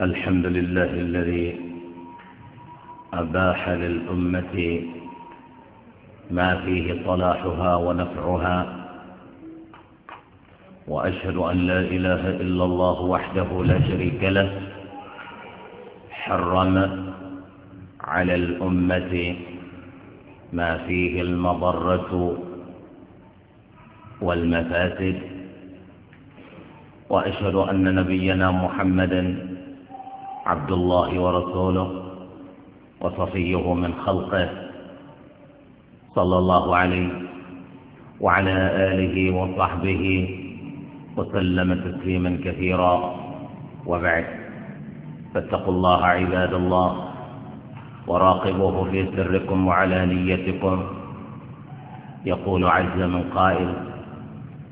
الحمد لله الذي أباح للأمة ما فيه صلاحها ونفعها وأشهد أن لا إله إلا الله وحده لا شريك له حرم على الأمة ما فيه المضرة والمفاسد وأشهد أن نبينا محمدًا عبد الله ورسوله وصفيه من خلقه صلى الله عليه وعلى آله وصحبه وسلم تسليما كثيرا وبعد فاتقوا الله عباد الله وراقبوه في سركم وعلانيتكم يقول عز من قائل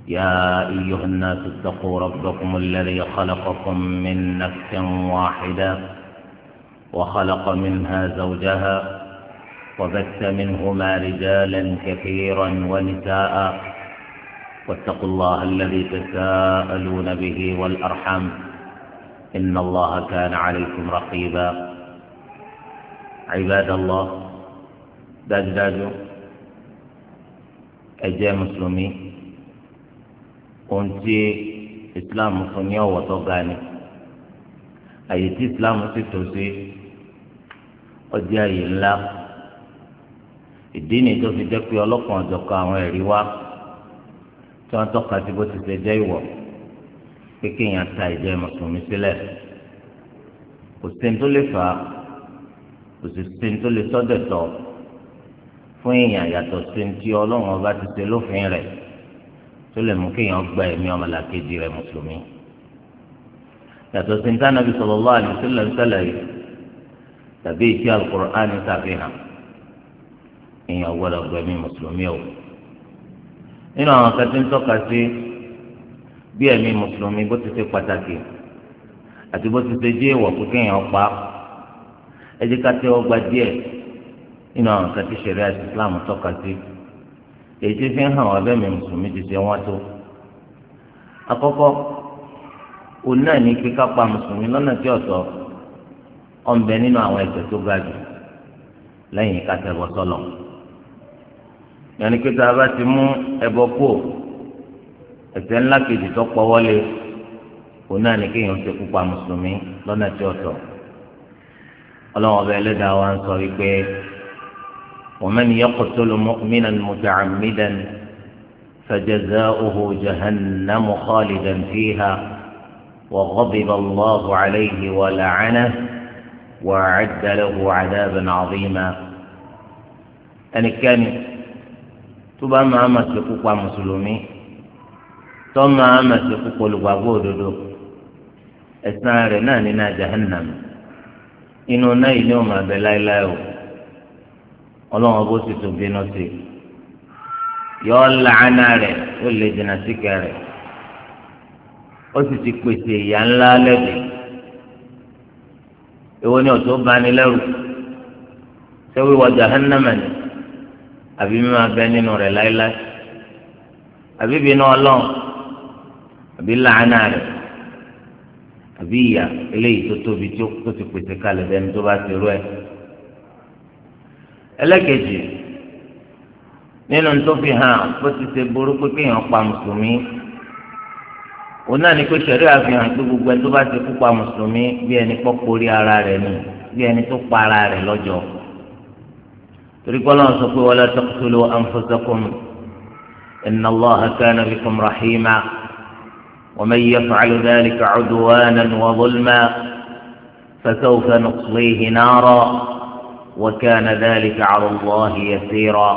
يا أيها الناس اتقوا ربكم الذي خلقكم من نفس واحدة وخلق منها زوجها وبث منهما رجالا كثيرا ونساء واتقوا الله الذي تساءلون به والأرحم إن الله كان عليكم رقيبا عباد الله داج داج أجي مسلمين ohun tí islam fún ní ọ̀wọ̀ tó ga ni àyè tí islam sì tó sí ọjọ́ àyè ńlá ìdí nìyí tó fi jẹ́ pé ọlọ́kan ọ̀jọ̀kan àwọn ẹ̀rí wá tí wọ́n tọ́ka sí bó ti ṣe jẹ́ ìwọ̀ pé kéèyàn ta ìjẹ́ mùsùlùmí sílẹ̀ kò sí ní tó lè fà á kò sì sí ní tó lè sọ́dẹ̀ tọ̀ fún èèyàn yàtọ̀ sí ní tí ọlọ́run ọba ti ṣe lófin rẹ̀ tó lè mú kéèyàn gba ẹ̀mí ọmọlàkejì rẹ̀ mùsùlùmí. yàtọ̀ sí níta nàbí sallallahu alaihi wasallam yìí tàbí ìṣe al-Qur'an ní sàfihàn èèyàn gbọ́dọ̀ gba ẹ̀mí mùsùlùmí o. nínú àwọn akẹ́tí ń tọ́ka sí bí ẹ̀mí mùsùlùmí bó ti ṣe pàtàkì àti bó ti ṣe jẹ́ ìwọ̀ pé kéèyàn pa ẹ ká tẹ́wọ́ gba díẹ̀ nínú àwọn akẹ́tí ṣẹ̀ríà èyí tí fi ń hàn wọn bẹ́ẹ̀ mi mùsùlùmí ti ṣe wọ́n tó àkọ́kọ́ òun náà ní kíkà pa mùsùlùmí lọ́nà tí ọ̀tọ̀ ọ̀nbẹ nínú àwọn ẹ̀ṣẹ̀ tó ga jù lẹ́yìn kàtẹ́bọ̀ sọ́lọ̀ yẹnni pé a bá ti mú ẹbọ kú ẹ̀ṣẹ̀ ńlá kejì tó pọ̀ wọlé òun náà ní kéèyàn ṣe kú pa mùsùlùmí lọ́nà tí ọ̀tọ̀ ọlọ́wọ́n ọba ẹlẹ́dàá wa ń sọ wípé. ومن يقتل مؤمنا متعمدا فجزاؤه جهنم خالدا فيها وغضب الله عليه ولعنه وأعد له عذابا عظيما أن كان تبا ما مسكوك مسلمي ثم مسكوك الوابود أثناء رنان جهنم انو نيل يوم بلايلاو ọlọ́run bó sì tún bínú sí yọ làánà rẹ̀ yóò lè dènà síkẹ̀ rẹ̀ ó sì ti pèsè ìyà ńlá lẹ́bi ni ọ̀tún bani lẹ́rù ṣé wíwọ jahannama àbí mímọ abẹ nínú rẹ̀ láéláé àbí bínú ọlọ́run àbí làánà rẹ̀ àbí ìyà eléyìí tó tóbi tó ti pèsè kalẹ̀ bẹ́ẹ̀ ni tó bá ti rú ẹlẹ́kẹ̀jì nínú tó fi hàn bó ti ṣe burú pé kéèyàn pa mùsùlùmí òun náà ni pé sẹ̀rí àfihàn pé gbogbo ẹni tó bá ti kú pa mùsùlùmí bí ẹni pọ́ porí ara rẹ̀ ni bí ẹni tó pa ara rẹ̀ lọ́jọ́ torí pé ọlọ́run sọ pé wala taqtulu anfusakum inna Allaha kana bikum rahima wa man yaf'al dhalika 'udwanan wa dhulman fasawfa nuqlihi nara. وكان ذلك على الله يسيرا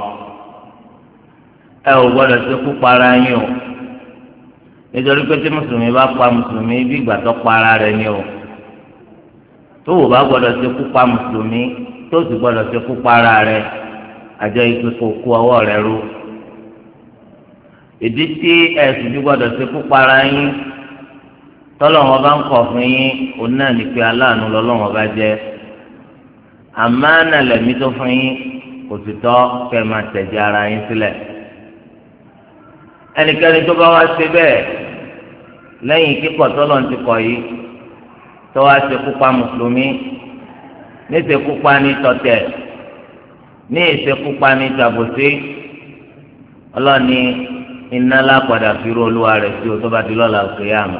أو ولا سكوك على nítorí pé tí mùsùlùmí bá pa mùsùlùmí bí ìgbà tó pa ara rẹ̀ ni o tó o bá gbọ́dọ̀ ṣekú pa mùsùlùmí tó o sì gbọ́dọ̀ ṣekú pa ara rẹ̀ àjọ ike kò kú ọwọ́ rẹ̀ ru ìdí tí ẹ̀sùn bí gbọ́dọ̀ ṣekú pa ara yín tọ́lọ́wọ́n bá ń kọ̀ fún yín òun náà ní pé aláàánú lọ́lọ́wọ́n bá jẹ́ àmánà le tó fún yín kò sì tọ́ kẹ́ máa tẹ̀jẹ̀ ara yín sílẹ̀ ẹnikẹ́ni tó bá wá ṣe bẹ́ẹ̀ lẹ́yìn kíkọ̀ tọ́lọ̀ ti kọ̀ yìí tó wá ṣe kópa mùsùlùmí ní ṣe kópa ní tọ̀tẹ̀ ní ṣe kópa ní tàbùsí ọlọ́ni iná lápadà fìrú olúwa rẹ̀ sí o tó bá di lọ́la òkè yàmù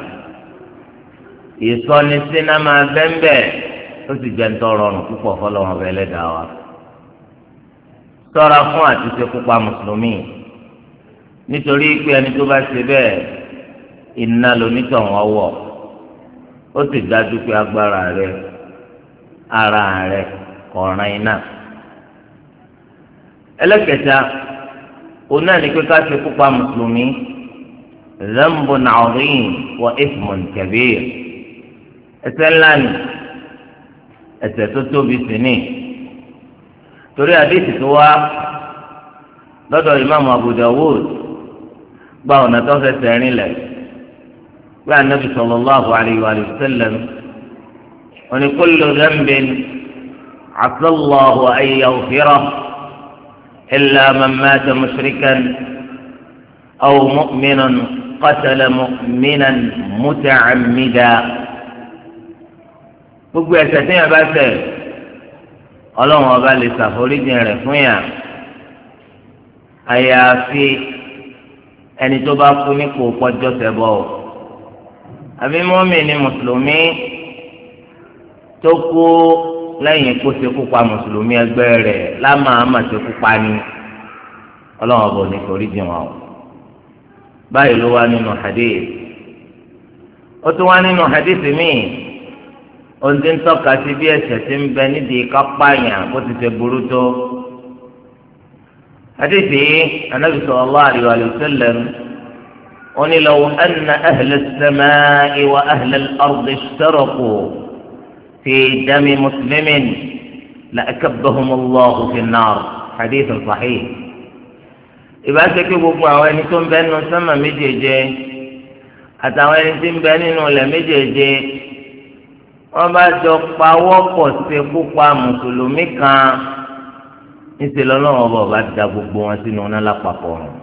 ìsọnisínà máa bẹ́ẹ̀ bẹ́ẹ̀. ó sì jẹ́ ntọ́rọrùn púpọ̀ fọlọ́run ọbẹ̀ ẹlẹ́dàá wa ṣọ́ra fún àti ṣekú pa mùsùlùmí nítorí pé ẹni tó bá ṣe bẹ́ẹ̀ iná lonítọ̀hún ọwọ́ ó sì dájú pé agbára rẹ ara rẹ ọ̀ràn iná ẹlẹ́kẹta òun náà ní pé ká ṣekú pa mùsùlùmí zambon aorin wa ifmun kabir ẹ̀ṣẹ̀ ńlá ni. ẹ̀ṣẹ̀ tó tóbi sí ni torí àdéhìí tó wá lọ́dọ̀ ìmáàmù àbùdá Dawud gba ọ̀nà tó fẹsẹ̀ rìn lẹ̀ pé anabi sallallahu alayhi wa sallam wọn ni kullu dhanbin asallahu an yaghfirahu illa man mata mushrikan aw mu'minan qatala mu'minan muta'ammidan. gbogbo ẹ̀ṣẹ̀ tí yẹn bá ṣẹ̀ Ọlọ́run ọba lè ṣàforíjì rẹ̀ fún yà àyàfi ẹni tó bá kú nípò pọ́jọ́ ṣẹbọ o àbí mọ́mì ni mùsùlùmí tó kú lẹ́yìn kó ṣekú pa mùsùlùmí ẹgbẹ́ rẹ̀ lámàámà ṣekú pa ni Ọlọ́run ọba ò ní foríjì wọn o báyìí ló wá nínú hadith ó tún wá nínú hadith míì ohun tí ń tọ́ka sí bí ẹ̀ṣẹ̀ ti ń bẹ nídìí kápáyàn kó ti ṣe burú tó. Adéṣe anábì sallallahu alaihi wa sallam ó ní law anna ahla as-samaa'i wa ahla al-ardi ishtaraqu fi dami muslimin la'akabbahum Allahu fi an-nar hadith sahih. Ìbá ṣe gbogbo àwọn ẹni tó ń bẹ nínú sánmà méjèèje àtàwọn ẹni tí ń bẹ nínú ilẹ̀ méjèèje wọ́n bá jọ pawọ́ pọ̀ sí kópa mùsùlùmí kan níṣẹ́ lọ́lọ́run ọba ọba da gbogbo wọn sínú ọ̀nà lápapọ̀ rẹ̀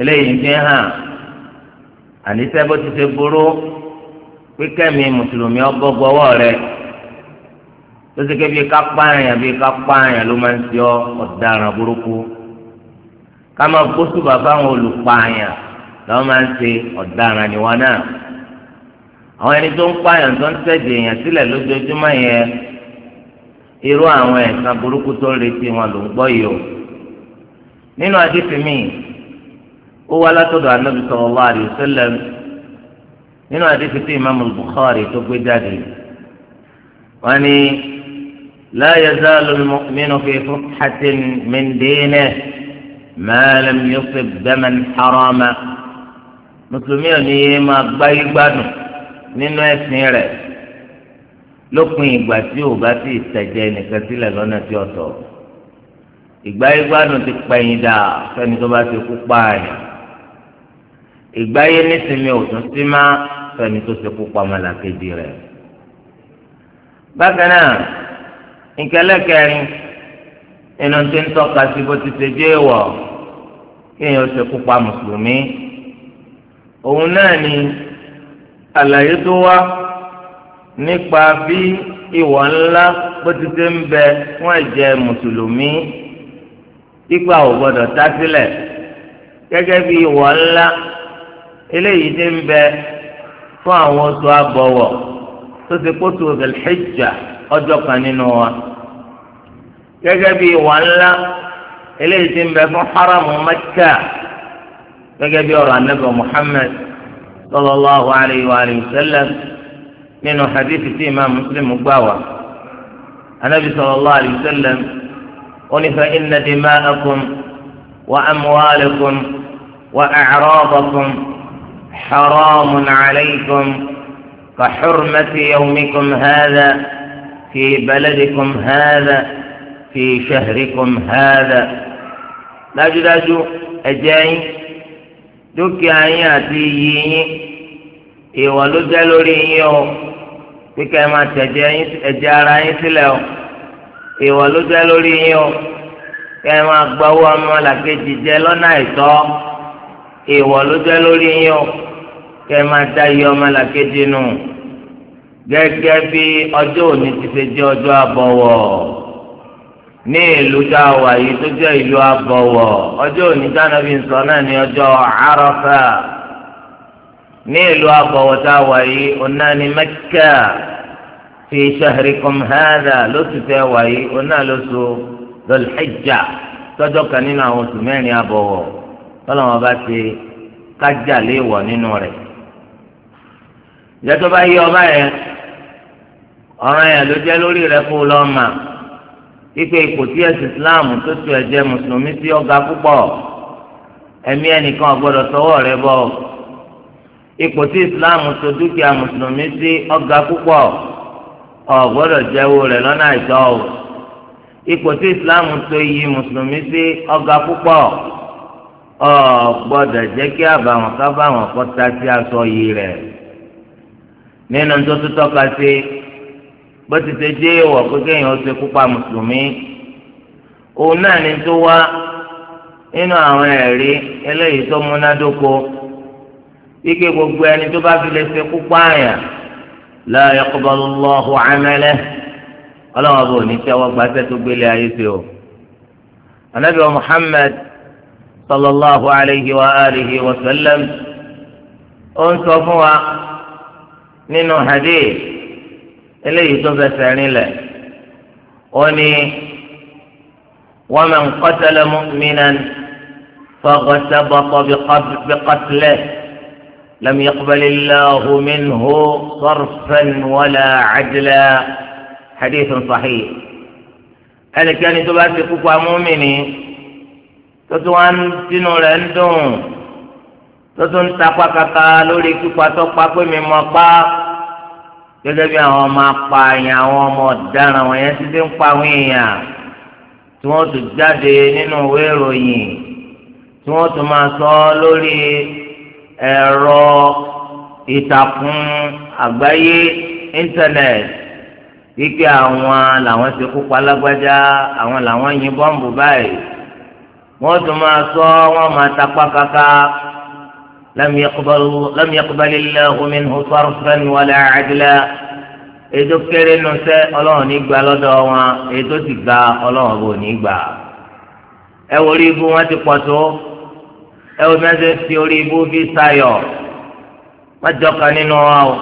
eléyìí fi hàn àníṣẹ́ bó ti ṣe burú pínkẹ́mi mùsùlùmí ọgọ́gbọ́wọ́ rẹ̀ tó ṣe ké bí kápá àyàn bí kápá àyàn ló máa ń ṣe ọ ọ̀daràn burúkú ká máa gbósùbà fáwọn olùpààyàn lọ́wọ́ máa ń ṣe ọ̀daràn níwọ̀n náà àwọn ẹni tó ń pààyàn tó ń tẹ̀jẹ̀ èèyàn sílẹ̀ lójoojúmọ́ yẹn irú àwọn ẹ̀san burúkú tó ń retí wọn ló ń gbọ́ yìí o nínú àdìsí mi ó wá látọ̀dọ̀ anábì sallallahu alaihi wasallam nínú àdìsí tí ìmáàmù Bukhari tó gbé jáde wọn ni la yazalu al-mu'minu fi fuhatin min dinihi ma lam yusib daman harama mùsùlùmí ò ní yé máa gbáyé gbádùn nínú ẹ̀sìn rẹ̀ lópin ìgbà tí ò bá ti tẹ̀jẹ̀ nìkan sílẹ̀ lọ́nà tí ọ̀tọ̀ ìgbà yìí gbádùn ti pẹ̀yìn dà fẹ́ni tó bá ti kú pààyàn ìgbà yìí nísìnyí ò tún sí má fẹ́ni tó ti kú pàmòlàkejì rẹ̀ bákan náà nkẹlẹ́kẹrin inú ti ń tọ́ka sí bó ti ṣe jẹ́ ìwọ̀ kéèyàn ó ti kú pa mùsùlùmí òun náà ni. àlàyé tó wá nípa bí ìwà ńlá bó ti ṣe ń bẹ fún ẹ̀jẹ̀ mùsùlùmí ipa ò gbọdọ̀ tá sílẹ̀ gẹ́gẹ́ bí ìwà ńlá eléyìí ti ń bẹ fún àwọn oṣù àbọ̀wọ̀ tó ti kó tó ọjọ́ kan nínú wa gẹ́gẹ́ bí ìwà ńlá eléyìí ti ń bẹ fún haramu Mẹ́kà gẹ́gẹ́ bí ọ̀rọ̀ anábọ̀ Muhammad. صلى الله عليه وآله وسلم من حديث إمام مسلم مقاوة النبي صلى الله عليه وسلم قل فإن دماءكم وأموالكم وأعراضكم حرام عليكم كحرمة يومكم هذا في بلدكم هذا في شهركم هذا لا جداج أجاي dúkìá yín àti iyì yín ìwọ̀n ló jẹ́ lórí yín o kíkẹ́ ẹ máa tẹ̀jẹ̀ ẹ̀jẹ̀ ara yín sílẹ̀ o ìwọ̀n ló jẹ́ lórí yín o kẹ́ ẹ máa gbọ́wọ́ ọmọlàkejì jẹ lọ́nà àìtọ́ ìwọ̀n ló jẹ́ lórí yín o kẹ́ máa dá iye ọmọlàkejì nù gẹ́gẹ́ bí ọjọ́ òní ti ṣe jẹ́ ọjọ́ àbọ̀wọ̀ ní ìlú tá a wà yìí tó jẹ́ ìlú abọ̀wọ̀ ọjọ́ òní dáná bí nsọ náà ní ọjọ́ Àrafà ní ìlú abọ̀wọ̀ tá a wà yìí ọ̀nà ní Mẹ́kà fi shahrikum hadha lóṣù tẹ́ wà yìí ọ̀nà lóṣù dhul tọ́jọ́ kan nínú àwọn oṣù mẹ́rin abọ̀wọ̀ tọ́lọ́wọ́n bá ti kájà léèwọ̀ nínú rẹ̀ ìjọba yí ọba yẹn ọ̀ràn yẹn ló jẹ́ lórí rẹ̀ kó lọ́ọ́ ike ipò tí ẹsìn islam tó tu ẹ̀jẹ̀ mùsùlùmí sí ọ̀gá púpọ̀ ẹ̀mí ẹnìkan ọ̀gbọ́dọ̀ sọ́wọ́ rẹ̀ bọ̀ ipò tí islam tó dúkìá mùsùlùmí sí ọ̀gá púpọ̀ ọ̀gbọ́dọ̀ jẹ́wọ́ rẹ̀ lọ́nà àìtọ́ o ipò tí islam tó iyì mùsùlùmí sí ọ̀gá púpọ̀ ọ̀gbọ́dọ̀ jẹ́ kí àbàwọ̀n kábàwọ̀n kọ́ta sí aṣọ yìí rẹ̀ nínú tó tó tọ́ka sí. bó ti ṣe pé kéèyàn ṣe kópa mùsùlùmí òun náà ni tó wá nínú àwọn ẹ̀rí eléyìí tó múnádóko gbogbo ẹni tó bá fi lè ṣe kópa àyàn la yaqbalu Allahu a ọlọ́wọ́n bò ní tẹ́wọ́ gbaṣẹ́ tó gbélé ayé o. anabi wa Muhammad sallallahu alayhi wa alihi wa sallam eléyìí tó fẹsẹ̀ rinlẹ̀ ó ní waman qatala mu'minan faghtaba biqatlihi lam yaqbalillahu minhu sarfan wala adla hadithun sahih ẹnikẹ́ni tó bá ti kú pa mùmínì tó tún wá ń tinú rẹ̀ ń dùn tó ń tapá kaka lórí kíkọ́ tó pé mi mọ̀ pa. gẹ́gẹ́ bí àwọn ọmọ apààyàn àwọn ọmọ ọ̀daràn wọn yẹn ti dé ń pa àwọn èèyàn tí wọ́n tún jáde nínú ìwé ìròyìn tí wọ́n tún máa sọ lórí ẹ̀rọ ìtàkùn àgbáyé íńtánẹ́ẹ̀tì wípé àwọn làwọn ti kú pa àwọn làwọn yin bọ́ǹbù báyìí wọ́n tún máa sọ máa tapá kaka. لم يقبل لم يقبل الله منه صرفا ولا عدلا ètò kéré nu sẹ ọlọ́run ní gbà lọ́dọ̀ wọn ètò sì gba ọlọ́run bò ní gbà ẹ wo orí ibú wọn ti pọ̀ tó ẹ wo mẹsẹ fi orí ibú fi sayọ wọn jọkan nínú wa o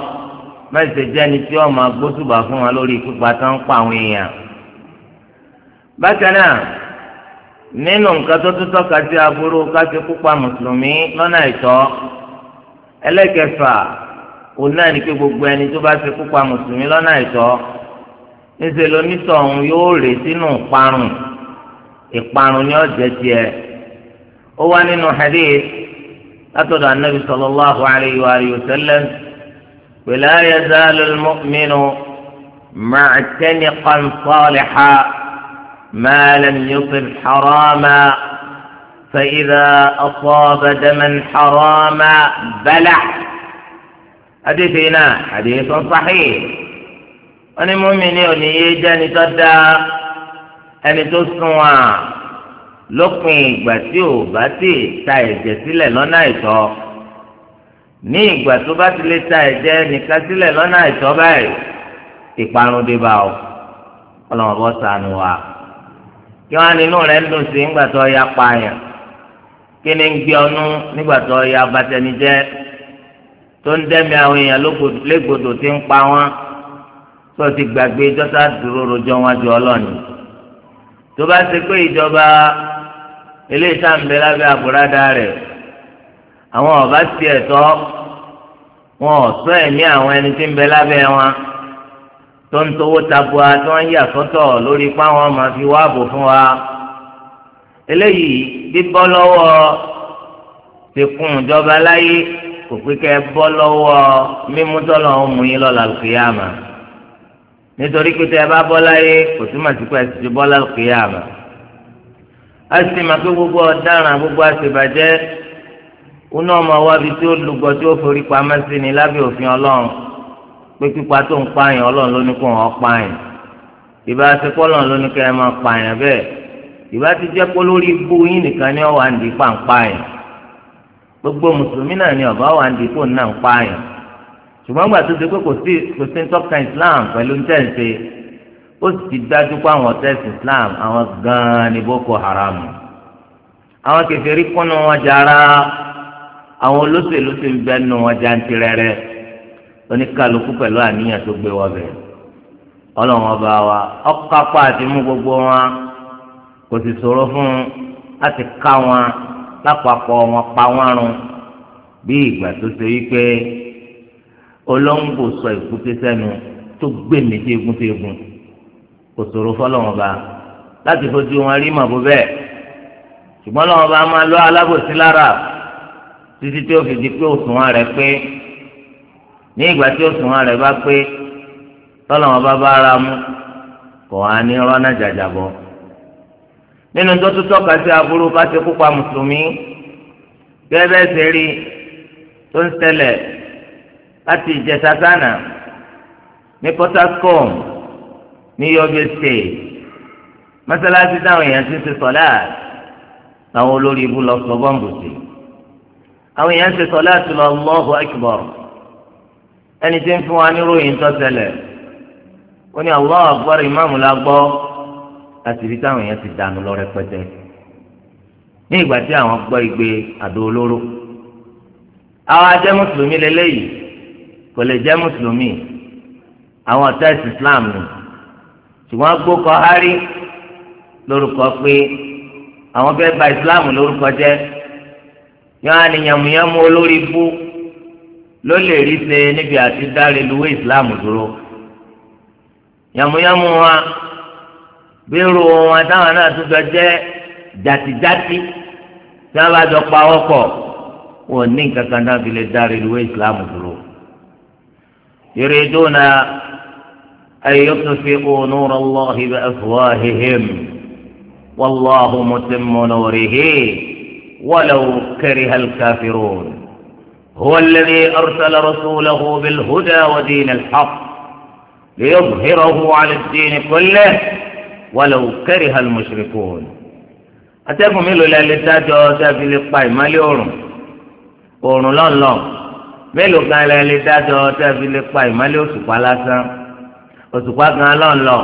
mẹsẹ jẹni tí wọn máa gbósùbà fún wọn lórí pípa tó ń pa àwọn èèyàn bákan náà. nínú nǹkan tó tó tọ́ka sí aburú káfí kópa mùsùlùmí lọ́nà ìtọ́ ẹlẹ́kẹfà òun náà ní pé gbogbo ẹni tó bá fi kópa mùsùlùmí lọ́nà ìtọ́ níṣẹ́ lónítọ̀ ọ̀hún yóò rè sínú ìparun ìparun ni ó jẹ́ tiẹ̀ ó wá nínú hadith látọ̀dọ̀ anabi sallallahu ha ما لم يصب حراما فإذا أصاب دما حراما بلع حديثنا حديث صحيح أنا مؤمن أني جاني تدا أني تسوى lópin ìgbà tí ò bá ti ta ẹ̀jẹ̀ sílẹ̀ lọ́nà àìtọ́ ní ìgbà tó bá ti lè ta ẹ̀jẹ̀ nìkan sílẹ̀ lọ́nà àìtọ́ báyìí ìparun dé bá ọ ọlọ́mọbọ ṣàánú wa kí wọn nínú rẹ ń dùn sí nígbà tó ya pààyàn kí ni ń gbé ọnú nígbà tó ya abatẹnijẹ tó ń dẹ́mi àwọn èèyàn légbodò tí ń pa wọn tó ti gbàgbé jọ́tà dúró rojọ́ wọn ju ọlọ́ọ̀ni tó bá ṣe pé ìjọba ilé ìsàmbẹ lábẹ́ àbúradà rẹ̀ àwọn ọba tiẹ̀ tọ́ wọn ò tọ́ ẹ̀mí àwọn ẹni tí ń bẹ lábẹ́ wọn tó ń towó tabua tí wọ́n yà sọ́tọ̀ lórí páwọn máa fi wáàbò fún wa eléyìí bíbọ́ lọ́wọ́ sekun ìjọba láyé kò pé kẹ́ ẹ bọ́ lọ́wọ́ mímú tọ́lọ̀ ń mú yín lọ́la lùkìyàmà nítorí pé tẹ́ ẹ bá bọ́ láyé kò túmọ̀ sí pé ẹ sì ti bọ́ lálùkìyàmà a sì máa pé gbogbo ọ̀daràn gbogbo àṣebàjẹ́ ó náà máa wá ibi tí ó lùgbọ́ tí ó forí pamọ́ sí ni lábẹ́ òfin ọlọ́run pé pípa tó ń pààyàn ọlọ́run ló ní kó wọn pààyàn ìbá ti pọ́ ọlọ́run ló ní kẹ́ ẹ máa pààyàn bẹ́ẹ̀ ìbá ti jẹ́ pé lórí ibú yín nìkan ni ọ̀wà ń di pàǹpààyàn gbogbo mùsùlùmí náà ni ọ̀bá wà ń di kó náà ń pààyàn ṣùgbọ́n gbà tó ti pé kò sí kò sí tọ́ka Islam pẹ̀lú ntẹ̀ǹsẹ̀ ó sì ti dájú pé àwọn tẹ́sí Islam àwọn gan-an ni Boko Haram àwọn kèfèrí kúnnú wọn jára, àwọn olóṣèlú ti ń bẹ́ẹ̀ nù wọn jantirẹrẹ oníkàlùkù pẹ̀lú àníyàn tó gbé wọ bẹ̀ ọlọ́run ọba wa ọkápá àti mú gbogbo wọn kò sì ṣòro fún un láti ká wọn lápapọ̀ wọn pa wọn run bí ìgbà tó ṣe wípé olóńgbò sọ ìkúté sẹ́nu tó gbé mi sí egun sí egun kò ṣòro fọlọ́run ọba láti fojú wọn rí màbó bẹ́ẹ̀ ṣùgbọ́n lọ́wọ́ bá máa lọ alábòsí lára títí tí ó fi di pé òṣùwọ̀n rẹ̀ pé ní ìgbà tí òṣùwọ̀n rẹ̀ bá pé tọ́lọ́wọ́n bá bá ara mú kò á ní rọ́nà jàjàbọ́ nínú tó tún tọ́ka sí aburú bá ti kópa mùsùlùmí gẹ́gẹ́ ṣe rí tó ń ṣẹlẹ̀ láti ìjẹta gánà ní port harcourt ní Yobe state mọ́sálásí táwọn èèyàn ti ń ṣe sọ́lá táwọn olórí ibú lọ sọ bọ́ǹbù sí àwọn èèyàn ń ṣe sọ́lá tó lọ Allahu akbar ẹni tí ń fún wa níròyìn tó ṣẹlẹ̀ ó ní Allahu Akbar ìmáàmù la gbọ́ láti rí táwọn èèyàn ti dànù lọ rẹpẹtẹ ní ìgbà tí àwọn gbọ́ igbe àdó olóró àwọn ajẹ́ mùsùlùmí lélẹ́yìí kò lè jẹ́ mùsùlùmí àwọn ọ̀tá ẹ̀sìn Islam ni ṣùgbọ́n gbókọ̀ hárí lórúkọ pé àwọn fẹ́ bà Islam lórúkọ jẹ́ yọ́n á ní yàmùyàmù olórí bú. ló lè rí ṣe níbi àti dáre luwé islam dúró yàmúyàmú wa bírò wọn táwọn náà tún jọ jẹ jàtìjàtì tí wọn bá jọ pa ọkọ wọn ní nǹkan kan náà fi lè dáre luwé islam dúró ìrèdóna ayọ́tọ̀fẹ́ onúra allahi bẹ́ẹ̀ fúwa hihim wàlláhu mùtẹ́mù nùrìhì wàlẹ́wù kẹrìhàl káfíròn. هو الذي أرسل رسوله بالهدى ودين الحق ليظهره على الدين كله ولو كره المشركون أتاكم إلو لا لتاتي أوسافي لقاي ما ليورم قولوا لا لا ملو قال لا لتاتي أوسافي لقاي ما ليو سبا لا سام وسبا قال لا لا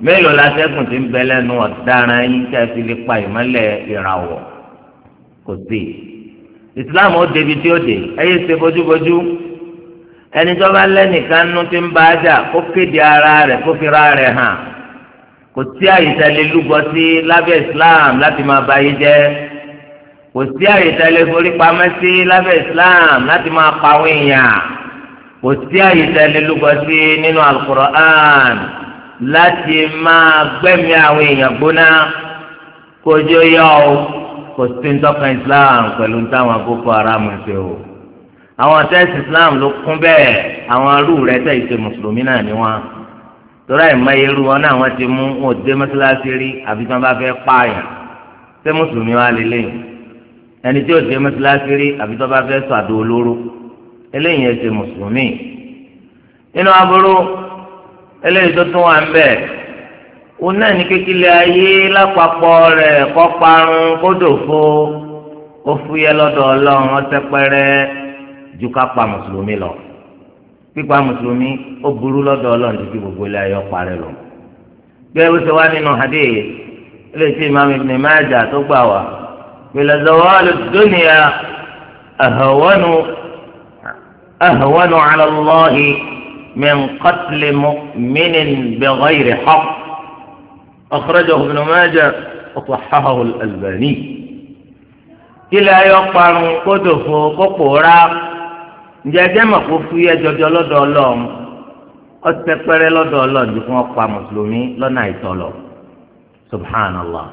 ملو لا تاكم تنبلا نوات دانا إنسافي لقاي ما لي إراو قدي islam ó débi tí ó dé ẹyẹ ṣe bójúbójú ẹni tó bá lẹ́nìkan nú ti ń bá a jà kó kéde ara rẹ̀ kó fira rẹ̀ hàn kò sí àyètẹ́lẹ̀ lúgọ sí lábẹ́ islam láti máa ba ayé jẹ́ kò sí àyètẹ́lẹ̀ forí pamẹ́ sí lábẹ́ islam láti máa pa àwọn kò sí àyètẹ́lẹ̀ lúgọ sí nínú alukur'an láti máa gbẹ́mí àwọn èèyàn gbóná kójú yọ ọ́ kò sí ntọ́kan islam pẹ̀lú táwọn boko haram ṣe o àwọn tẹ́sí islam ló kún bẹ́ẹ̀ àwọn arú rẹ tẹ̀ ṣe mùsùlùmí náà ni wọn torí àìmọye irú wọn náà wọn ti mú wọn ò dé mọ́sálásí rí àfi tí wọn bá fẹ́ pààyàn ṣé mùsùlùmí wa lè léyìn ẹni tí ò dé mọ́sálásí rí àfi tí wọn bá fẹ́ sọ àdó olóró eléyìí ẹ ṣe mùsùlùmí nínú aburú eléyìí tó tún wà ń bẹ́ẹ̀ òun náà ní kékeré ayé lápapọ̀ rẹ̀ kọ́ parun kó dòfo ó fúyẹ́ lọ́dọ̀ ọlọ́run ọtẹ pẹ́rẹ́ ju ká pa mùsùlùmí lọ pípa mùsùlùmí ó burú lọ́dọ̀ ọlọ́run títí gbogbo ilé ayé ọ̀parẹ́ lọ. bẹ́ẹ̀ bó ṣe wá nínú hadith ilé tí ìmáàmù Ibn Majah tó gbà wá pèlè zawalu dunya ahawanu ahawanu ala Allahi min qatli أخرجه ابن ماجه وصححه الألباني kílẹ̀ ayọ́ parun kódòfo kókòrá jẹjẹ mọ̀ kó fi ẹjọjọ lọ́dọ̀ ọlọ́run ọtẹ pẹrẹ lọ́dọ̀ ọlọ́run ju fún ọ̀pá mùsùlùmí lọ́nà àìtọ́lọ̀ subhanallah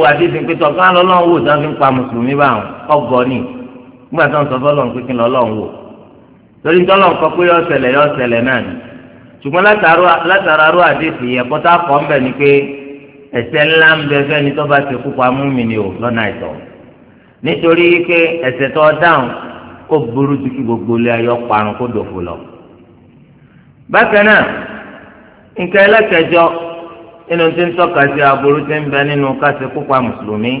wò tí fi ń pa mùsùlùmí ni pé kí wò torí kọ pé yọ yọ náà ni ṣùgbọ́n látara aró àdéhùn yẹn kọ́tà kọ́ ń bẹ̀ ni pé ẹ̀ṣẹ̀ ńlá ń bẹ fẹ́ni tó bá ti kú pa mú mi ni o lọ́nà àìtọ́ nítorí pé ẹ̀ṣẹ̀ tó dáhùn ó burú ju kí gbogbo ilé ayọ́ parun kó dòfò lọ. bákan náà nǹkan ẹlẹ́kẹjọ nínú tí ń tọ́ka sí aburú tí ń bẹ nínú ká ṣe kú pa mùsùlùmí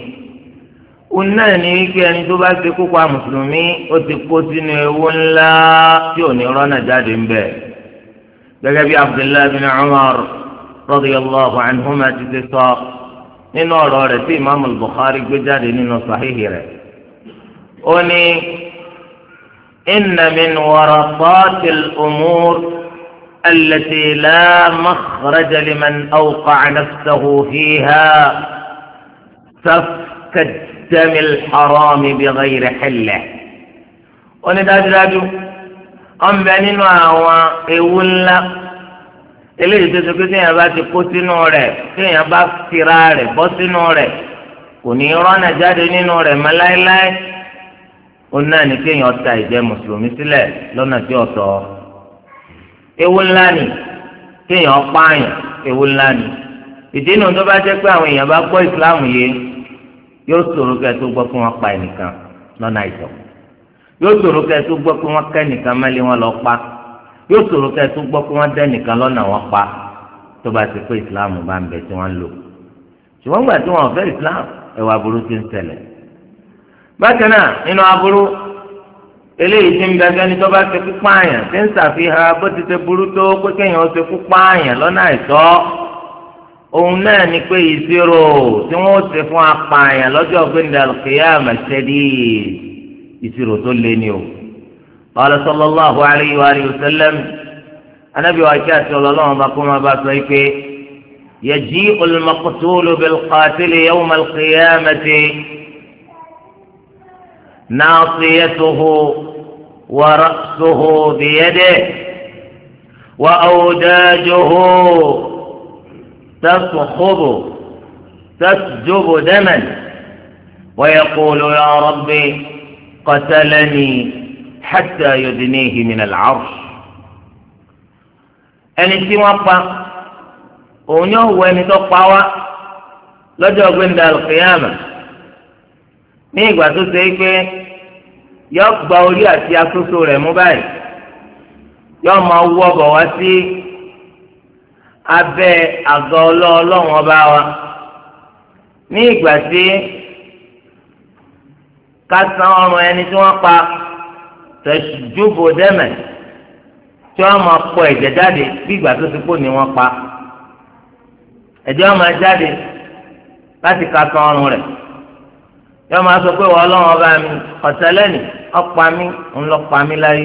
òun náà ní wípé ẹni tó bá ṣe kú pa mùsùlùmí ó ti kó sínú ewu ńlá tí ò ní rọ́nà jáde ń bẹ̀ẹ́ gẹ́gẹ́ bí abdullahi bin umar radiyallahu anhuma ti ti sọ nínú ọ̀rọ̀ rẹ̀ tí imaamu bukhari gbé jáde nínú sahihi rẹ̀ ó ní inna min warasati al-umur allati la makhraja liman awqa'a nafsahu fiha safka الدم الحرام بغير حله onídàájúdájú ọ̀nbẹ nínú àwọn ewu ńlá eléyìí tó sọkè téèyàn bá ti kó sínú rẹ̀ téèyàn bá fira rẹ bọ́ sínú rẹ kò ní rọ́nà jáde nínú rẹ mọ́ láéláé ó náà ní kéèyàn ta ìjẹ mùsùlùmí sílẹ̀ lọ́nà tí ọ̀tọ̀ ewu ńlá ni pààyàn ewu ńlá ni ìdí tó bá pé àwọn èèyàn bá yìí yóò fún wọn pa ẹnìkan yóò ṣòro kẹ́ ẹ tó gbọ́ pé wọ́n ká ẹnìkan mẹ́lẹ́ lọ pa yóò ṣòro kẹ́ gbọ́ pé wọ́n lọ́nà wọn pa tó ti pé islam bá ń bẹ tí wọ́n ń lò ṣùgbọ́n islam aburú ti ń ṣẹlẹ̀ bákan náà nínú aburú eléyìí ti ń bẹ ni tó bá ṣe kúpa àyàn ti ń ṣàfihàn bó ti ṣe burú tó pé kéèyàn ó ṣe kúpa àyàn lọ́nà àìtọ́ òun náà ni pé ìṣirò tí wọ́n ó ṣe fún apààyàn lọ́jọ́ ìṣirò tó lé ní o qala sallallahu alayhi wa alihi wa sallam anabi wa kí àti ọlọ́lọ́wọ́n bá kó máa bá sọ pé yaji'u al-maqtulu bil-qatili yawma al-qiyamati nasiyatuhu wa ra'suhu biyadihi wa awdajuhu tasukhubu tasjubu daman wa yaqulu ya rabbi. qatalani hatta yudnihi min al-arsh ẹni tí wọ́n pa òun yóò wọ ẹni tó pa wá lọ́jọ́ gbẹ̀ndà al-qiyamah ní ìgbà tó ṣe é pé yóò gba orí àti asóso rẹ̀ mú báyìí yóò máa wú ọbọ̀ wá sí abẹ́ àgọ́ ọlọ́ọ̀lọ́wọ́n bá wa ní ìgbà tí. kásán ọrùn ẹni tí wọn pa tẹ̀síjúbò dẹ́mẹ̀ tí wọ́n máa pọ ẹ̀jẹ̀ jáde bí ìgbà tó ti kó ni wọn pa ẹ̀jẹ̀ wọn máa jáde láti kásán rẹ rẹ̀ yọ máa sọ pé wọ́n ọlọrun ọba mi ọ̀tẹ́lẹ́nì ọ̀pá mi ńlọ́pàá mi láyé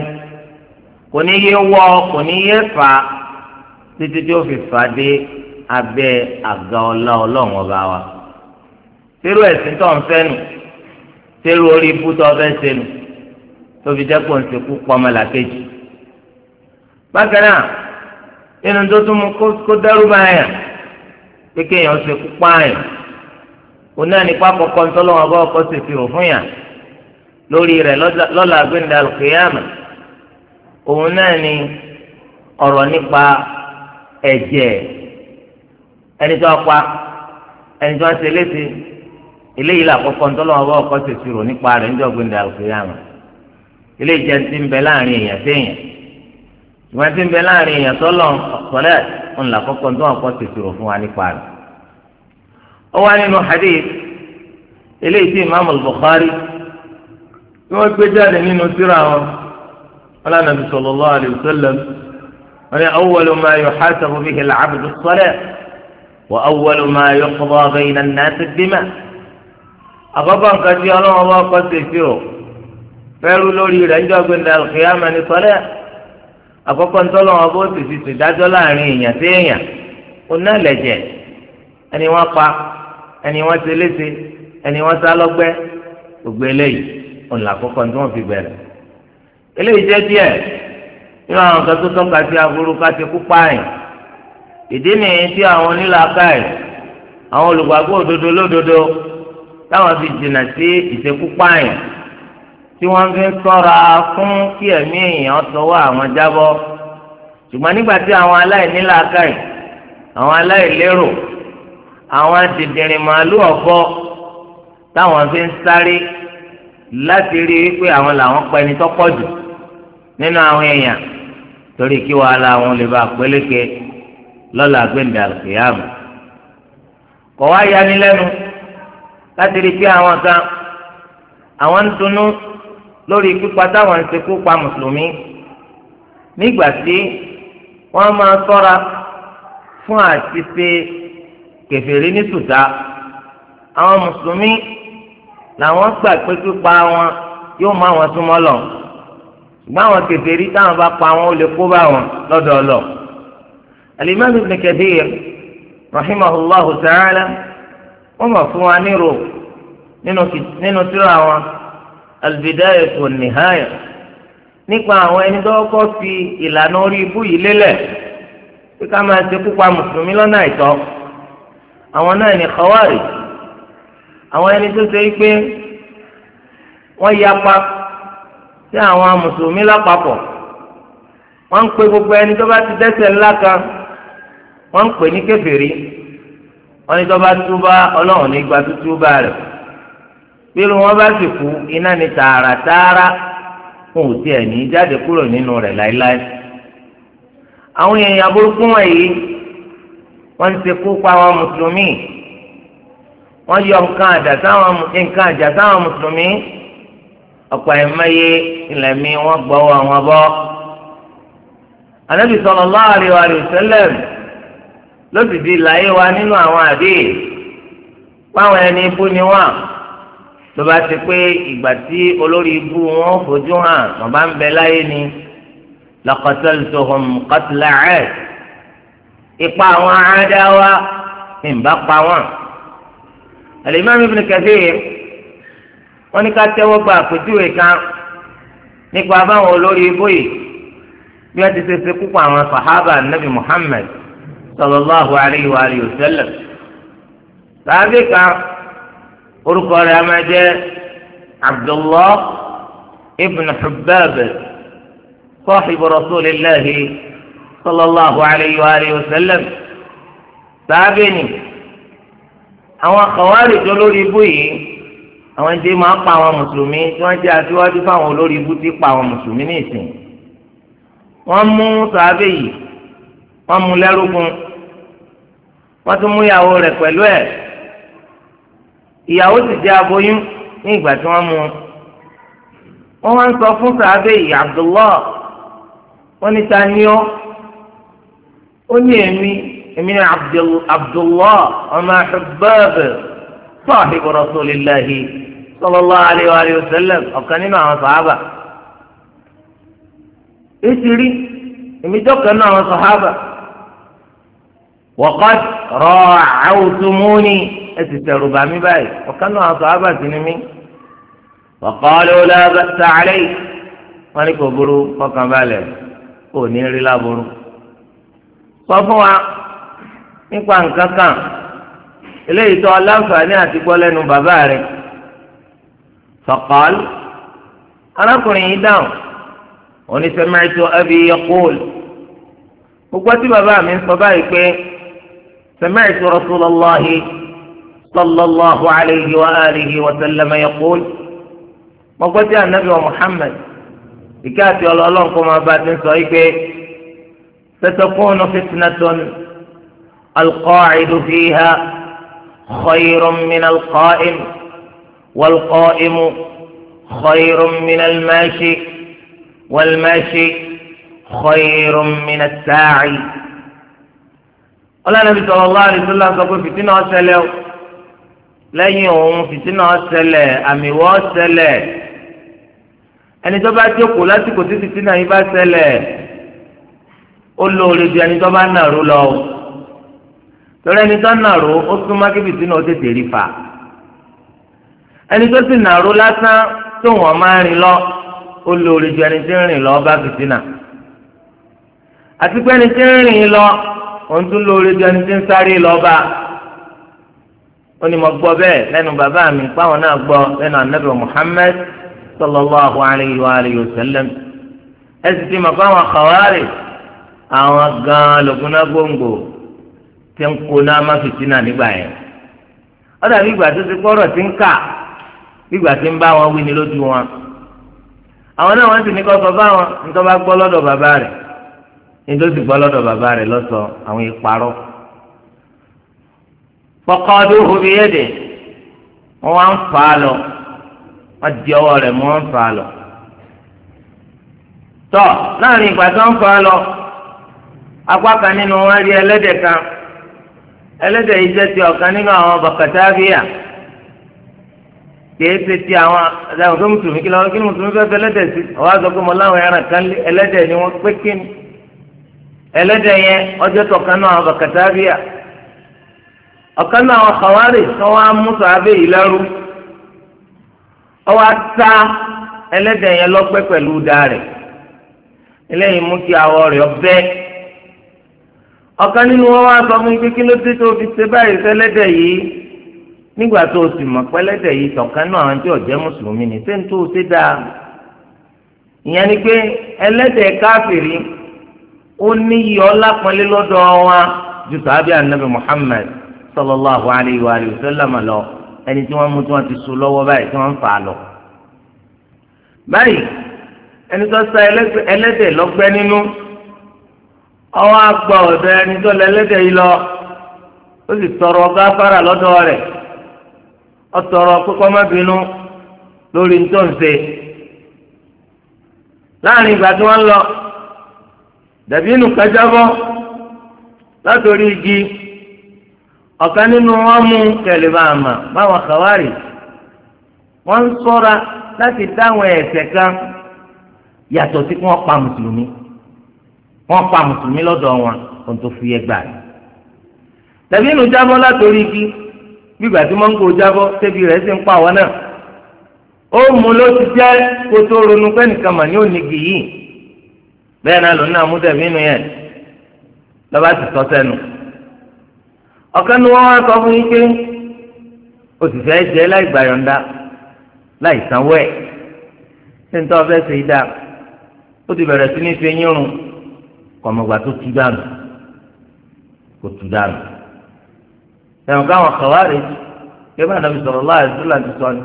kò ní yé wọ́ kò ní yé fà títí tí ó fi fà dé abẹ́ àga ọlá ọlọ́run ọba wa. irú ẹ̀sìn tó ń fẹ́ nù. sẹ́rù ori ibú tó ọbẹ̀ sẹ́nu tó fi dẹ́kun ṣekú pọ́mọlàkejì. bákan náà inú tó tún mú kó dẹ́rù báyà pé kéèyàn ṣekú pààyàn òun náà nípa kọ̀ọ̀kọ́ ńtọ́lọ́wọ́n bá ọkọ̀ ṣèṣirò fún lórí rẹ̀ lọ́la gbẹ̀ndà lùkìyàmù òun náà ni ọ̀rọ̀ nípa ẹ̀jẹ̀ ẹni tó pa ẹni tó ṣe léṣe. eléyìí là kọ́kọ́ ntọ́lọ́wọ́ bá ọkọ́ ṣèṣì rò nípa rẹ̀ ń jọ̀gbìn dà òkèèyàmù eléyìí jẹ́ ti ń bẹ láàrin èèyàn séèyàn ìwọ́n ti ń bẹ láàrin èèyàn tọ́lọ̀ ọ̀sọ̀lẹ̀ ń là kọ́kọ́ ntọ́lọ́wọ́ ọkọ́ ṣèṣì rò fún wa nípa rẹ̀. ó wá nínú hadith eléyìí tí imaamu Bukhari tí wọ́n gbé jáde nínú síra wọn ọlọ́nà sallallahu alayhi wa sallam wọ́n ní awwalu ma yuhasabu bihi al-abdu as-salat wa awwalu àkọ́kọ́ nǹkan tí ọlọ́run bá kọ́ sí fi o fẹ́rú lórí rẹ̀ ń jọ́gbìn ní alùpùpù ní sọ́lẹ̀ àkọ́kọ́ ń tọ́lọ́run bó sì fi ṣèdájọ́ láàrin èèyàn sí èèyàn oná lẹ̀jẹ̀ ẹni wọ́n pa ẹni wọ́n ṣe léṣe ẹni wọ́n sá lọ́gbẹ́ gbogbo eléyìí òun làkọ́kọ́ tí wọ́n fi bẹ̀rẹ̀ eléyìí jẹ́ díẹ̀ nínú àwọn nǹkan tó tọ́ka sí aburú ká ti kú páàyàn ìdí táwọn fi jìnnà sí ìṣekúpáyàn tí wọ́n fi ń ṣọ́ra fún kí ẹ̀mí èèyàn tọwọ́ àwọn jábọ́ ṣùgbọ́n nígbà tí àwọn aláìní làákàyè àwọn aláìlérò àwọn dìndìnrín màálù ọ̀fọ́ táwọn fi ń sáré láti rí i pé àwọn làwọn pa ẹni tọ́pọ̀ jù nínú àwọn èèyàn torí kí wàhálà wọn lè bá pélékè lọ́la gbẹ̀ǹdà kìyàmù wá yanilẹ́nu láti rí i pé àwọn kan àwọn ń dunnú lórí pípa táwọn ń ṣekú pa mùsùlùmí nígbà tí wọ́n máa ṣọ́ra fún àti ṣe kèfèrí ní sùdá àwọn mùsùlùmí làwọn gbà pé pípa wọn yóò mú àwọn súnmọ́ lọ ṣùgbọ́n àwọn kèfèrí táwọn bá pa wọn ó lè kó bá wọn lọ́dọọlọ. alimami ibn kathir rahimahullahu ta'ala wọ́n mọ̀ fún wa nírò nínú tírà wọn albidaya tó nìhaya nípa àwọn ẹni tó kọ́ fi ìlànà orí ibú yìí lélẹ̀ pé ká máa ṣe kúpa mùsùlùmí lọ́nà àìtọ́ àwọn náà ní kọ́wárì àwọn ẹni tó ṣe pé wọ́n yapa sí àwọn mùsùlùmí lápapọ̀ wọ́n ń pe gbogbo ẹni tó bá ti dẹ́ṣẹ̀ ńlá kan wọ́n ń pè ní kèfèrí. wọ́n ní tó bá ọlọ́run ní gba rẹ̀ wọn bá sì kú iná ní tààràtààrà fún òtí ẹ̀ jáde kúrò nínú rẹ̀ láéláé àwọn èèyàn burúkú wọ̀nyí wọ́n ń ṣekú pa àwọn mùsùlùmí wọ́n yọ nǹkan àjà sáwọn nǹkan àjà sáwọn mùsùlùmí ọ̀pọ̀ ẹ̀mẹ́yẹ wọ́n gbọ́ wọn bọ́. ló sì di láyé wa nínú àwọn àdéhìí páwọn ẹni ibú ni wọn ló bá ti pé ìgbà tí olórí ibú wọn fojú hàn wọn bá ń bẹ láyé ni laqataltuhum qatla 'ad ipa àwọn àádáwa ìbá pa wọn. Al-Imam Ibn Kathir wọ́n ní ká tẹ́wọ́ gba àpèjúwe kan nípa báwọn olórí ibú yìí bí wọ́n ti ṣe ṣe kúkú àwọn sàhábà nàbì Muhammad sallallahu alayhi wa alihi wa sallam tàbí kan orúkọ rẹ̀ máa jẹ́ abdullah ibn hubbab sahibu rasulillahi sallallahu alayhi wa alihi wa sallam tàbí ni àwọn kọ̀wárì tó lórí ibú yìí àwọn jẹ́ máa pa àwọn mùsùlùmí tí wọ́n jẹ́ aṣíwájú fáwọn olórí ibú tí pa àwọn mùsùlùmí nìsín wọ́n mú sàábẹ̀ yìí wọ́n mú lẹ́rúkún wọ́n tún mú ìyàwó rẹ̀ pẹ̀lú ẹ̀ ìyàwó sì jẹ́ aboyún ní ìgbà tí wọ́n mú wọ́n wá ń sọ fún sàábẹ́ ìyá Abdullah wọ́n ní ta ni ọ́ ó ní èmi èmi ní Abdullah ọmọ Hubbab sahibu rasulillahi sallallahu alayhi wa sallam ọ̀kan nínú àwọn sàábà èsì èmi jọ́kan nínú àwọn sàábà wọ́kọ́t rọ àwùtúmúni ẹ ti tẹ̀rù bá mi báyìí ọ̀kan náà sọ abàtì ni mí wọ́kọ́lẹ́ wọlé sàárẹ̀ wọ́n ní kò burú kọ́kàn balẹ̀ kò ní rí láburú. sọ fún wa nípa nǹkan kan eléyìí tó aláǹfààní àti gbọ́ lẹ́nu bàbá rẹ̀ sọ̀kọ́l arákùnrin yìí dáhùn oníṣẹ́ mẹ́rin ẹbí yẹ kóòlù gbogbo tí bàbá mi sọ báyìí pé. سمعت رسول الله صلى الله عليه وآله وسلم يقول ما قلت يا النبي ومحمد بكاتي الله ما بعد ستكون فتنة القاعد فيها خير من القائم والقائم خير من الماشي والماشي خير من الساعي ọlọ́nàbí sallallahu alaihi wasallam sọ pé fìtínà ọ̀sẹ̀lẹ̀ o lẹ́yìn òun fìtínà ọ̀sẹ̀lẹ̀ àmìwọ́ ọ̀sẹ̀lẹ̀ ẹni tó bá jókòó lásìkò tí fìtínà yìí bá ṣẹlẹ̀ ó lóore ju ẹni tó bá nàró lọ o torí ẹni tó nàró ó súnmọ́ kí fìtínà ó tètè rí fà ẹni tó sì nàró lásán tó wọ́n máa rìn lọ ó lóore ju ẹni tí rìn lọ bá fìtínà àti pé ẹni tí rìn lọ. òun tún lóore ju tí ń sáré lọ́ba ó ní mo gbọ́ bẹ́ẹ̀ lẹ́nu bàbá mi páwọn náà gbọ́ lẹ́nu anabi muhammed sallallahu alayhi wa alayhi wa sallam ẹ sì ti mọ̀ fáwọn kàwárì àwọn gan-an lògùnà gbòǹgbò tí ń kóná má nígbà yẹn ó dàbí ìgbà tó ti kọ́rọ̀ tí ń kà ìgbà tí ń bá wọn wí ni lójú wọn àwọn náà wọ́n nítorí gbọ́ lọ́dọ̀ bàbá rẹ̀ lọ́sọ àwọn ìparọ́ fọkàndó hobi yéde wọn wá ń fà á lọ wọn di ọwọ́ rẹ̀ mọ́ ń fà á lọ tọ láàrin ìgbà tó ń fà á lọ apá kan nínú wọn rí ẹlẹ́dẹ̀ kan ẹlẹ́dẹ̀ yìí jẹ́ ti ọ̀kan nínú àwọn bàkàtàbíyà kìí ṣe ti àwọn ẹlẹ́dẹ̀ mùsùlùmí kí lọ́wọ́ kí ni mùsùlùmí fẹ́ fẹ́ ẹlẹ́dẹ̀ sí ọwọ́ àgbẹ̀kọ́ mọ́ láwọn ẹran kan ẹlẹ́dẹ̀ ni wọ́n pé kíni. ẹlẹ́dẹ̀ yẹn ọjọ́ tó kan náà ọba kàtàbíà ọ̀kan náà ọ̀kàwárì tó wá mú sàábẹ̀ yìí lẹ́rú ọwọ́ ata ẹlẹ́dẹ̀ yẹn lọ́pẹ́ pẹ̀lú darẹ̀ eléyìí mú kí awọ rẹ̀ ọbẹ̀ ọ̀kan nínú wọn wá sọ fún ló dé tó fi ṣe báyìí yìí nígbà tó o sì mọ̀ yìí tọ̀kan náà àwọn tí mùsùlùmí ni ṣé ń tó o ṣe dáa ìyẹn ni pé ẹlẹ́dẹ̀ káfìrí ó ní iyì ọlá pọ́nlé lọ́dọ̀ wa ju tàbí anabi muhammed sallallahu alayhi wa sallam lọ ẹni tí wọ́n mú tí wọ́n ti so lọ́wọ́ báyìí tí wọ́n ń fà á lọ. báyìí ẹni tó sa ẹlẹ́dẹ̀ lọ́gbẹ́ nínú ọwọ́ àgbà ọ̀dọ̀ ẹni tó lọ ẹlẹ́dẹ̀ yìí lọ ó sì tọrọ gáfárà lọ́dọ̀ rẹ̀ ó tọrọ pípọ́ má bínú lórí ntọ́nse láàrin ìgbà tí wọ́n lọ. dàbí inú kájábọ́ látòrí igi ọ̀kan nínú wọn mú àmà báwọn kàwárì wọ́n ń sọ́ra láti dáwọn ẹ̀sẹ̀ kan yàtọ̀ sí kí wọ́n pa mùsùlùmí wọ́n pa mùsùlùmí lọ́dọ̀ wọn ohun tó fi gbà rẹ̀ dàbí inú látòrí igi gbígbà tí bẹ́ẹ̀ náà lòun náà mú tẹ̀mí inú yẹn lọ́ba ti sọ sẹ́nu ọ̀kan ni wọ́n wá sọ fún yín pé òṣìṣẹ́ jẹ́ láì gbàyọ̀ǹda láì sanwó ẹ̀ ṣé ń tọ́ ọ fẹ́ ṣe é dáa ó ti bẹ̀rẹ̀ sí ní ṣe yín rún kọ̀mọ̀gbà tó tú dànù kò tú dànù ẹ̀wọ̀n káwọn kọ̀wárì bí wọ́n náà fi sọ̀rọ̀ láàrin tó láti sọ ni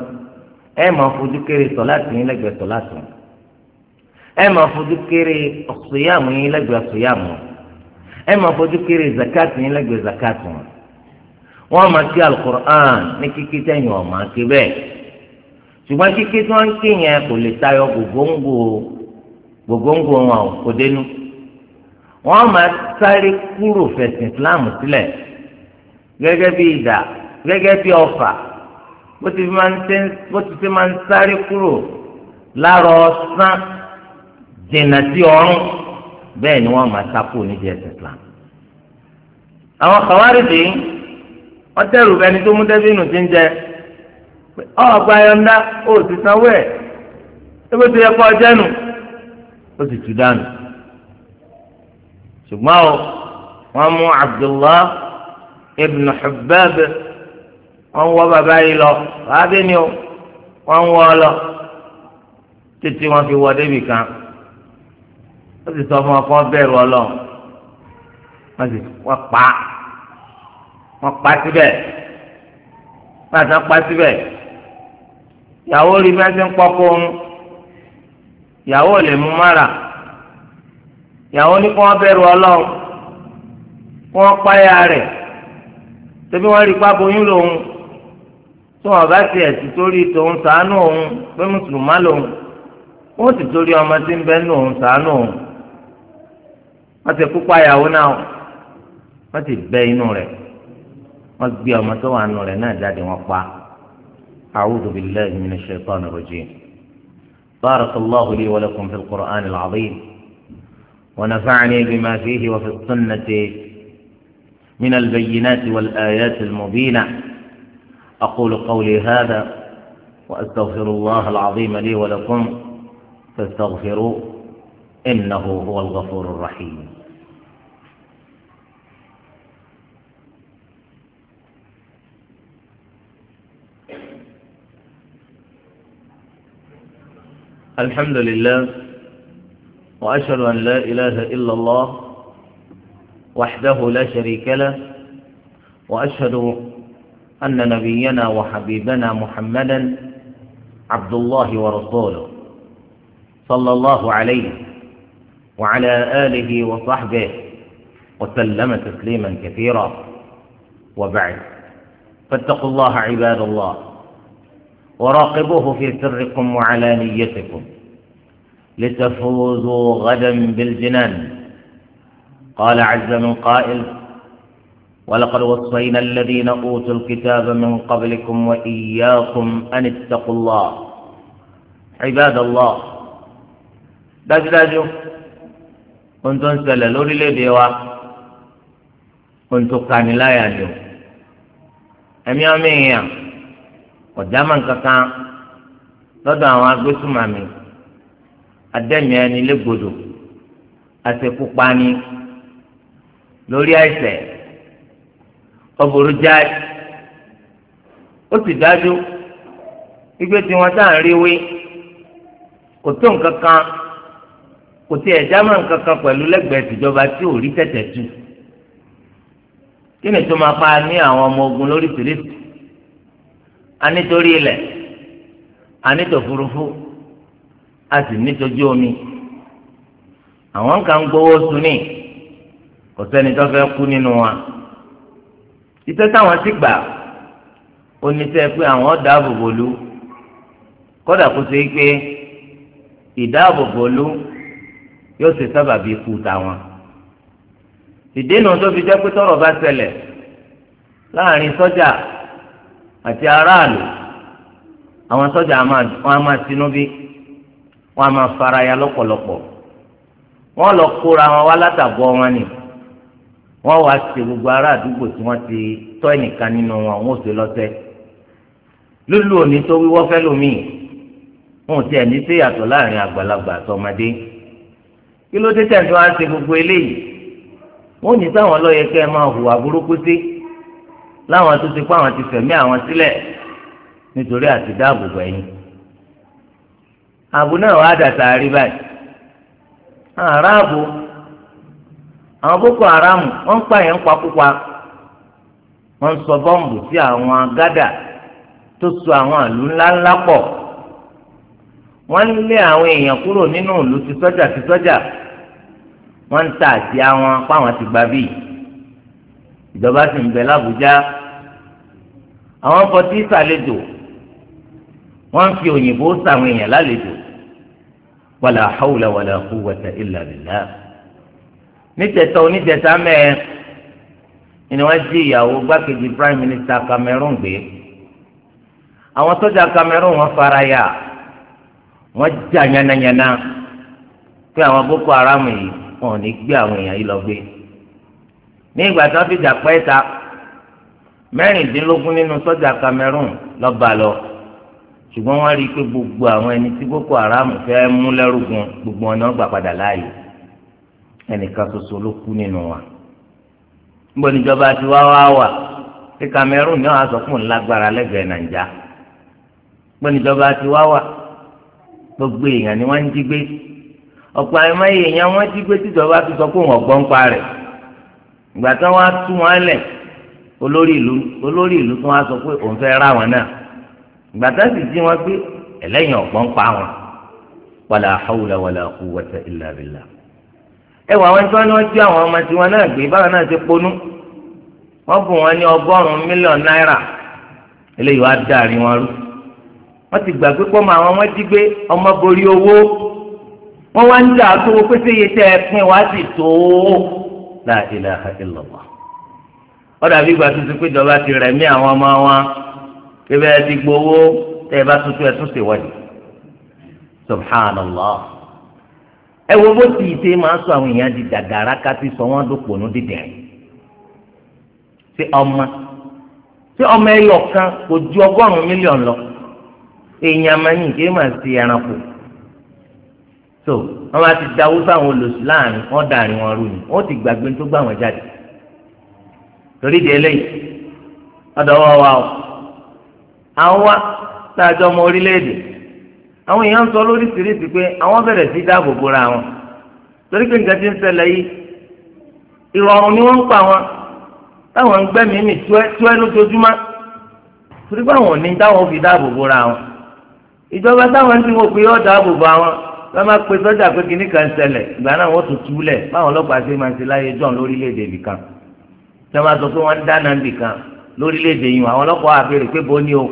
ẹ̀ máa fojú kéré sọ láti yín lẹ́gbẹ̀ẹ́ sọ láti wọn ẹ máa fojú kéré ọ̀sùnyàmù yín lẹ́gbẹ̀ẹ́ ọ̀sùnyàmù ẹ máa fojú kéré zakati yín lẹ́gbẹ̀ẹ́ zakati wọn. wọ́n máa kí alukur'an ní kíkí tẹ̀yìn ọ̀ máa ké bẹ́ẹ̀ ṣùgbọ́n kíkí tí wọ́n ń ké yẹn kò lè tayọ gbogbo gbogbo wọn ò kò dénú. wọ́n máa sáré kúrò fẹ̀sìn islam sílẹ̀ gẹ́gẹ́ bí idà gẹ́gẹ́ bí ọfà bó ti fi máa ń sáré kúrò láàárọ̀ ọ̀sán dènà sí ọrùn bẹ́ẹ̀ ni wọ́n máa sáko nídìí ẹ̀sìn Islam. àwọn kàwárìdì wọ́n tẹ̀rù ẹni tó mú dẹ́bìnù ti ń jẹ ọ̀gbà ayọ̀ǹda ó ti sanwó ẹ̀ ebi tó yẹ kó ọjẹ́ nù ó sì tú dànù. ṣùgbọ́n o wọ́n mú Abdullah ibn Hubbab wọ́n wọ́ bàbá yìí lọ wàá bí ni o wọ́n wọ́ ọ lọ títí wọ́n fi wọ́ débì kan wọ́n sì sọ fún wọn kó wọ́n bẹ̀rù ọlọ́run wọ́n sì wọ́n pa wọ́n pa síbẹ̀ wọ́n àti wọ́n pa síbẹ̀ ìyàwó rí bí wọ́n ti ń pọ́kó ń ìyàwó lè mú mára ìyàwó ní kó wọ́n bẹ̀rù ọlọ́run kó wọ́n páyà rẹ̀ tẹbi wọ́n rí pápá oyún lòun tí wọ́n bá ti ẹsì torí tòun ṣàánú òun pé mùsùlùmá lòun wọ́n sì torí ọmọ tí ń bẹ nù òun ṣàánú òun. wọ́n ti kú payàwó náà wọ́n ti bẹ inú rẹ̀ wọ́n gbé ọmọ tó wà nù rẹ̀ náà jáde wọ́n pa a'udhu billahi minash shaitanir rajim barakallahu li wa lakum fil qur'anil azim wa nafa'ani bima fihi wa fi sunnati min albayyinati wal ayati almubina aqulu qawli hadha wa astaghfirullaha alazim li wa lakum fastaghfiruhu إنه هو الغفور الرحيم الحمد لله وأشهد أن لا إله إلا الله وحده لا شريك له وأشهد أن نبينا وحبيبنا محمدا عبد الله ورسوله صلى الله عليه وعلى آله وصحبه وسلم تسليما كثيرا وبعد فاتقوا الله عباد الله وراقبوه في سركم وعلانيتكم لتفوزوا غدا بالجنان قال عز من قائل ولقد وصينا الذين اوتوا الكتاب من قبلكم واياكم ان اتقوا الله عباد الله dájúdájú كنت to لوري لديوا كنت كان لا ohun tó kaniláyà ọ̀jàmà kankan lọ́dọ̀ àwọn agbésùmàmì adẹ́mi ẹni légbodò àṣekúpani lórí àìṣẹ̀ ọ̀bùrú jáì ó sì dájú igbe tí wọn tá à ń rí wí kò tó nǹkan kan kò tí ẹ̀ jámà nǹkan pẹ̀lú lẹ́gbẹ̀ẹ́ tìjọba tí ò rí tẹ̀tẹ̀ tù kí ni tó máa pa ní àwọn ọmọ ogun lórí tìrìtì anítorí ilẹ̀ anítòfurufú a sì nítojú omi àwọn nǹkan ń gbowó sunni kò sẹ́ni tó fẹ́ kú nínú wa iṣẹ́ táwọn ti gbà oníṣẹ́ pé àwọn dáàbòbò lu kódà kó ṣe pé ìdáàbòbò yóò ṣe sábàbí ikú tàwọn ìdènà tó fi jẹ́ pé tọ́rọ̀ bá ṣẹlẹ̀ láàrin sọ́jà àti aráàlú àwọn sọ́jà wọn a máa sinú bí wọn a máa faraya lọ́pọ̀lọpọ̀ wọn lọ kóra wọn wá látàgbọ́ wọn ni wọn wá ṣe gbogbo ará àdúgbò tí wọn ti tọ́ ẹnìkan nínú wọn wọn ò ṣe lọ́tẹ̀ lúlù òní tó wíwọ́ fẹ́ lómi wọn ò tiẹ̀ ní sí ìyàtọ̀ láàrin àgbàlagbà àtọmọdé kí ló dé tẹ̀ gbogbo eléyìí wọn ò ní sáwọn lọ́yẹ kẹ́ ẹ máa hùwà burúkú sí láwọn tó ti pa àwọn ti fẹ̀mí àwọn sílẹ̀ nítorí àti dáàbòbò ẹ̀yìn ààbò náà wàá dàtà àrí báyìí àrààbò àwọn boko haram wọ́n ń pààyàn pakúpa wọ́n ń sọ bọ́ǹbù sí àwọn agádà tó so àwọn ìlú ńláńlá pọ̀ wọ́n ń lé àwọn èèyàn kúrò nínú ìlú ti sọ́jà ti sọ́jà wọ́n ń ta àti àwọn apá àwọn ti gbà bíi ìjọba sì ń bẹ lábújá àwọn fọtí ìsàlejò wọ́n ń fi òyìnbó sàwọn èèyàn lálejò wàlà hàwùlà wàlà kúwàtà ìlà bìlà nítẹ̀tọ̀ onítẹ̀tà mẹ́ẹ̀ ni wọ́n jí ìyàwó gbákejì prime minister Cameroon gbé àwọn sọ́jà Cameroon wọ́n fara ya wọ́n jà yánnayànna pé àwọn Boko Haram yìí wọ́n ò ní gbé àwọn èèyàn yìí lọ gbé ní ìgbà tí wọ́n fi jà pẹ́ ta mẹ́rìndínlógún nínú sọ́jà Cameroon lọ́ba lọ ṣùgbọ́n wọ́n rí i pé gbogbo àwọn ẹni tí Boko Haram fẹ́ mú lẹ́rùgùn gbogbo wọn náà gbà padà láàyè ẹnìkan ṣoṣo ló kú nínú wa níbo níjọba ti wá wá wà pé Cameroon náà á sọ fún lágbára lẹ́gbẹ̀ẹ́ Nàìjà níbo níjọba ti wá wà gbogbo èèyàn ni wọ́n ń jí gbé ọ̀pọ̀ àìmọ́ èèyàn wọ́n jí gbé tíjọba ti sọ pé òun ọ̀gbọ́n pa rẹ̀ ìgbà tí wọ́n á tú wọn lẹ̀ olórí ìlú olórí ìlú tó wá sọ pé òun fẹ́ ra wọn náà gbàtà sì jí wọn pé ẹlẹ́yìn ọ̀gbọ́n pa wọn wàlà hawla wàlà quwwata illa billah. ẹ wọ àwọn tí wọn ní wọn jí àwọn ọmọ tiwọn náà gbé báwọn náà ti ponú wọn bù wọn ní ọgọ́rùn-ún mílíọ̀nù náírà eléyìí wàá dàrí wọn rú wọn ti gbàgbé pọ́ mọ àwọn wọn jí gbé ọmọ borí owó wọn wá ń dà tó pé séye tẹ ẹ pín wá sì tó la ọ̀dà bí ìgbà tuntun pé ìjọba ti rẹ̀mí àwọn ọmọ wọn kébẹ́ ẹ ti gbowó tẹ́ ẹ bá tuntun ẹ tún ṣe wọlé subhanallah ẹ wo bó ti ṣe máa sọ àwọn èèyàn di dàgàrà ká ti sọ wọn dòpò ní dídẹ ṣé ọmọ ṣé ọmọ ẹyọ kan kò ju ọgọ́rùn-ún mílíọ̀nù lọ èèyàn máa yìn kí máa ṣe ẹranko so wọn bá ti dáwó sáwọn olùsí láàrin wọn dàrin wọn rú ni wọn ti gbàgbé tó gbà wọn jáde torí di eléyìí ọ̀dọ̀wọ́ wa o àwọn wa láàjọ ọmọ orílẹ̀-èdè àwọn èèyàn ń sọ lóríṣiríṣi pé àwọn bẹ̀rẹ̀ sí dáàbò bora wọn torí pé nǹkan ti ń ṣẹlẹ̀ yìí ìrọ̀rùn ni wọ́n ń pa wọn táwọn ń torí pé àwọn táwọn fi dáàbò wọn ìjọba táwọn ti wò pé wọn wọ́n máa pe sọ́jà pé ṣẹlẹ̀ ìgbà náà wọ́n tún túlẹ̀ báwọn ọlọ́pàá ṣe máa tẹ́ máa sọ pé wọ́n ń dáná níbì kan lórílẹ̀‐èdè yìí àwọn ọlọ́pàá wà pé bó ni o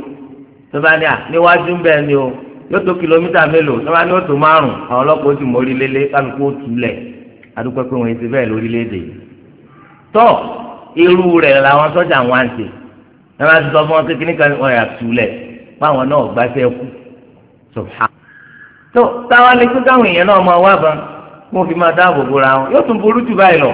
tó bá ní à níwájú ń bẹ́ẹ̀ ni o yóò tó kìlómítà mélòó tó bá ní òtò márùn àwọn ọlọ́pàá ó ti mọ orílẹ̀-èdè kálukú ó túlẹ̀ adúpẹ́ pé wọ́n ti bẹ́ẹ̀ lórílẹ̀‐èdè yìí tọ́ irú rẹ̀ làwọn sọ́jà wọn àǹtí ẹ máa ti sọ fún wọn pé kíní kan wọn yà túlẹ̀ fáwọn náà gbáṣẹ́ kú subhan tó táwa lè kó káwọn èèyàn náà máa wá ban kó fi máa